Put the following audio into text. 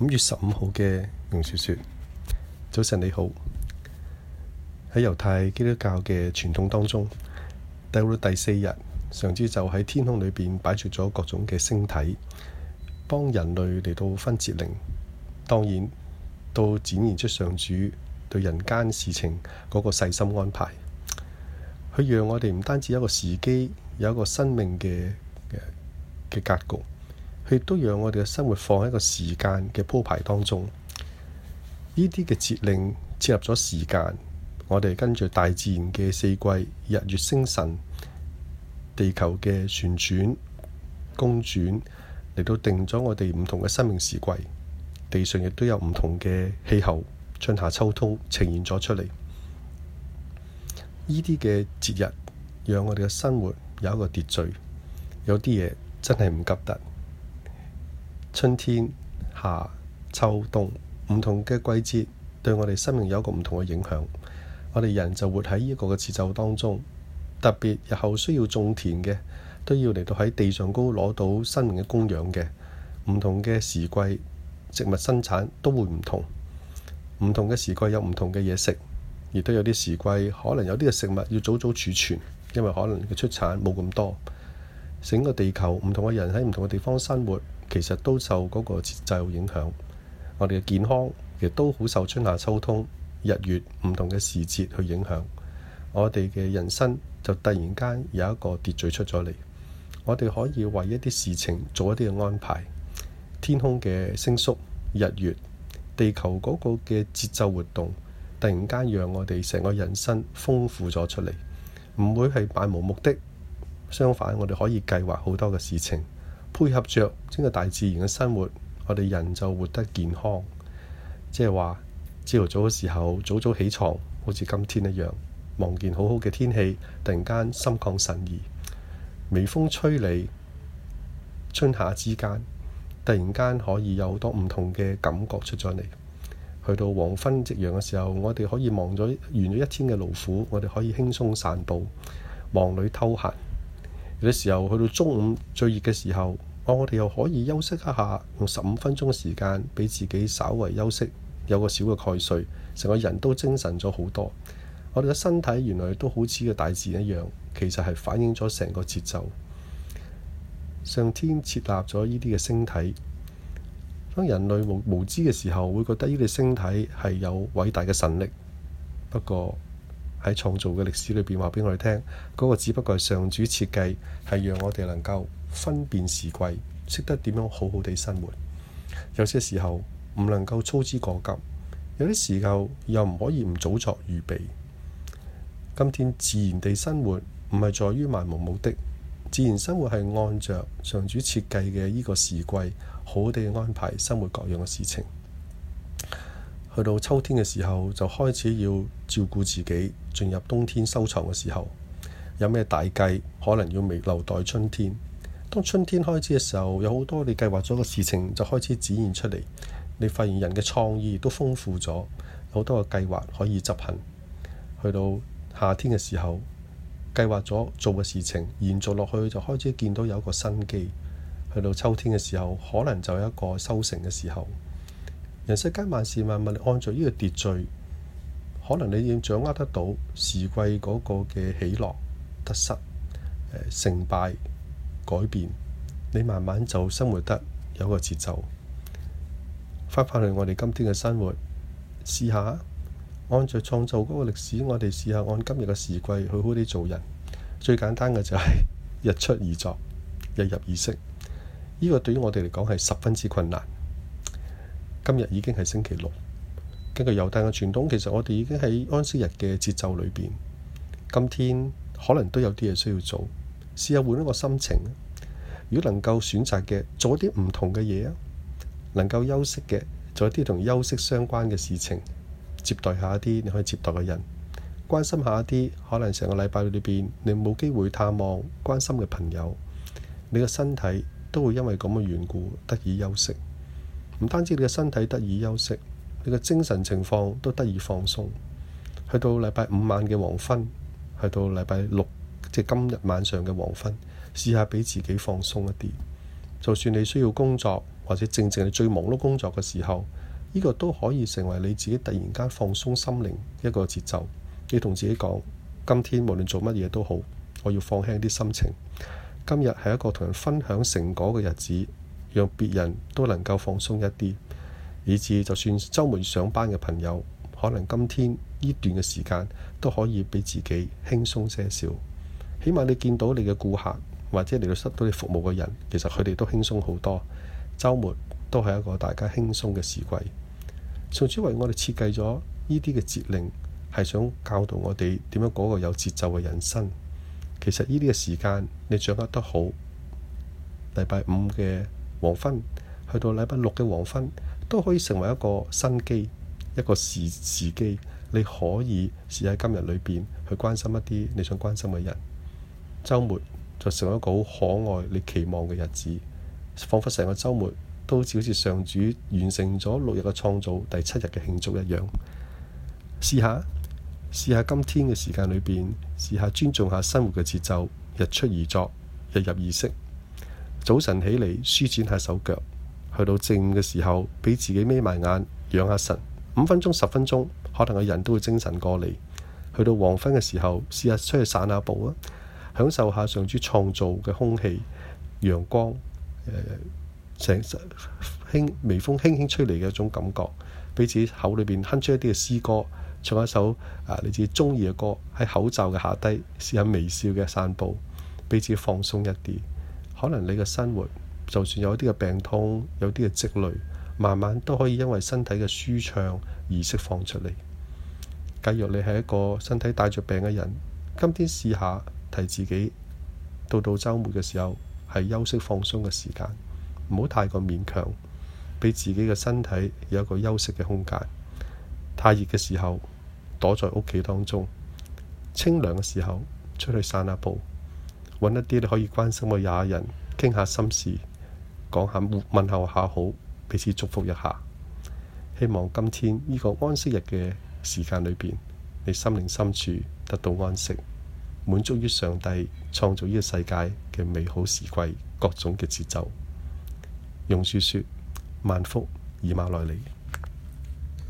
五月十五號嘅容少少，早晨你好。喺猶太基督教嘅傳統當中，到咗第四日，上主就喺天空裏邊擺住咗各種嘅星體，幫人類嚟到分節令。當然，都展現出上主對人間事情嗰個細心安排，佢讓我哋唔單止有一個時機，有一個生命嘅嘅格局。佢亦都讓我哋嘅生活放喺一個時間嘅鋪排當中。呢啲嘅節令設立咗時間，我哋跟住大自然嘅四季、日月星辰、地球嘅旋轉、公轉，嚟到定咗我哋唔同嘅生命時季。地上亦都有唔同嘅氣候，春夏秋冬呈現咗出嚟。呢啲嘅節日讓我哋嘅生活有一個秩序，有啲嘢真係唔急得。春天、夏、秋、冬，唔同嘅季節對我哋生命有一個唔同嘅影響。我哋人就活喺呢一個嘅節奏當中。特別日後需要種田嘅，都要嚟到喺地上高攞到生命嘅供養嘅。唔同嘅時季，植物生產都會唔同。唔同嘅時季有唔同嘅嘢食，亦都有啲時季可能有啲嘅食物要早早儲存，因為可能嘅出產冇咁多。整個地球唔同嘅人喺唔同嘅地方生活。其實都受嗰個節奏影響，我哋嘅健康亦都好受春夏秋冬、日月唔同嘅時節去影響。我哋嘅人生就突然間有一個秩序出咗嚟，我哋可以為一啲事情做一啲嘅安排。天空嘅星宿、日月、地球嗰個嘅節奏活動，突然間讓我哋成個人生豐富咗出嚟，唔會係漫無目的。相反，我哋可以計劃好多嘅事情。配合着整個大自然嘅生活，我哋人就活得健康。即係話朝頭早嘅時候早早起床，好似今天一樣望見好好嘅天氣，突然間心曠神怡。微風吹你，春夏之間，突然間可以有好多唔同嘅感覺出咗嚟。去到黃昏夕陽嘅時候，我哋可以望咗完咗一天嘅勞苦，我哋可以輕鬆散步，忙裏偷閒。嘅時候，去到中午最熱嘅時候，啊，我哋又可以休息一下，用十五分鐘嘅時間，俾自己稍為休息，有個小嘅蓋睡，成個人都精神咗好多。我哋嘅身體原來都好似個大自然一樣，其實係反映咗成個節奏。上天設立咗呢啲嘅星體，當人類無無知嘅時候，會覺得呢啲星體係有偉大嘅神力，不過。喺創造嘅歷史裏邊話俾我哋聽，嗰、那個只不過係上主設計，係讓我哋能夠分辨時季，識得點樣好好地生活。有些時候唔能夠操之過急，有啲時候又唔可以唔早作預備。今天自然地生活唔係在於漫無目的，自然生活係按著上主設計嘅依個時季，好地安排生活各樣嘅事情。去到秋天嘅時候，就開始要照顧自己。進入冬天收藏嘅時候，有咩大計可能要未留待春天。當春天開始嘅時候，有好多你計劃咗嘅事情就開始展現出嚟。你發現人嘅創意都豐富咗，有好多個計劃可以執行。去到夏天嘅時候，計劃咗做嘅事情延續落去，就開始見到有一個新機。去到秋天嘅時候，可能就有一個收成嘅時候。人世間萬事萬物，按照呢個秩序，可能你要掌握得到時季嗰個嘅喜樂、得失、誒成敗、改變，你慢慢就生活得有一個節奏。翻返去我哋今天嘅生活，試下按照創造嗰個歷史，我哋試下按今日嘅時季好好地做人。最簡單嘅就係日出而作，日入而息。呢個對於我哋嚟講係十分之困難。今日已經係星期六，根據猶太嘅傳統，其實我哋已經喺安息日嘅節奏裏邊。今天可能都有啲嘢需要做，試下換一個心情。如果能夠選擇嘅，做一啲唔同嘅嘢啊，能夠休息嘅，做一啲同休息相關嘅事情，接待下一啲你可以接待嘅人，關心下一啲可能成個禮拜裏邊你冇機會探望關心嘅朋友，你嘅身體都會因為咁嘅緣故得以休息。唔單止你嘅身體得以休息，你嘅精神情況都得以放鬆。去到禮拜五晚嘅黃昏，去到禮拜六即係今日晚上嘅黃昏，試下俾自己放鬆一啲。就算你需要工作，或者正正係最忙碌工作嘅時候，呢個都可以成為你自己突然間放鬆心靈一個節奏。你同自己講：今天無論做乜嘢都好，我要放輕啲心情。今日係一個同人分享成果嘅日子。讓別人都能夠放鬆一啲，以至就算週末上班嘅朋友，可能今天呢段嘅時間都可以俾自己輕鬆些少。起碼你見到你嘅顧客或者嚟到收到你服務嘅人，其實佢哋都輕鬆好多。週末都係一個大家輕鬆嘅時季，從此為我哋設計咗呢啲嘅節令，係想教導我哋點樣過一個有節奏嘅人生。其實呢啲嘅時間你掌握得好，禮拜五嘅黃昏去到禮拜六嘅黃昏，都可以成為一個新機，一個時時機。你可以試喺今日裏邊去關心一啲你想關心嘅人。周末就成為一個好可愛、你期望嘅日子，彷彿成個周末都好似好似上主完成咗六日嘅創造，第七日嘅慶祝一樣。試下，試下今天嘅時間裏邊，試下尊重下生活嘅節奏，日出而作，日入而息。早晨起嚟舒展下手腳，去到正午嘅時候，俾自己眯埋眼養下神，五分鐘、十分鐘，可能個人都會精神過嚟。去到黃昏嘅時候，試下出去散下步啊，享受下上主創造嘅空氣、陽光，呃，微風輕輕吹嚟嘅一種感覺，俾自己口裏邊哼出一啲嘅詩歌，唱一首啊，你自己中意嘅歌。喺口罩嘅下低試下微笑嘅散步，俾自己放鬆一啲。可能你嘅生活就算有一啲嘅病痛，有啲嘅積累，慢慢都可以因為身體嘅舒暢而釋放出嚟。假如你係一個身體帶着病嘅人，今天試下提自己，到到周末嘅時候係休息放鬆嘅時間，唔好太過勉強，俾自己嘅身體有一個休息嘅空間。太熱嘅時候躲在屋企當中，清涼嘅時候出去散下步。揾一啲你可以關心嘅友人，傾下心事，講下問候下好，彼此祝福一下。希望今天呢個安息日嘅時間裏邊，你心靈深處得到安息，滿足於上帝創造呢個世界嘅美好時季各種嘅節奏。用書說：萬福以馬內利。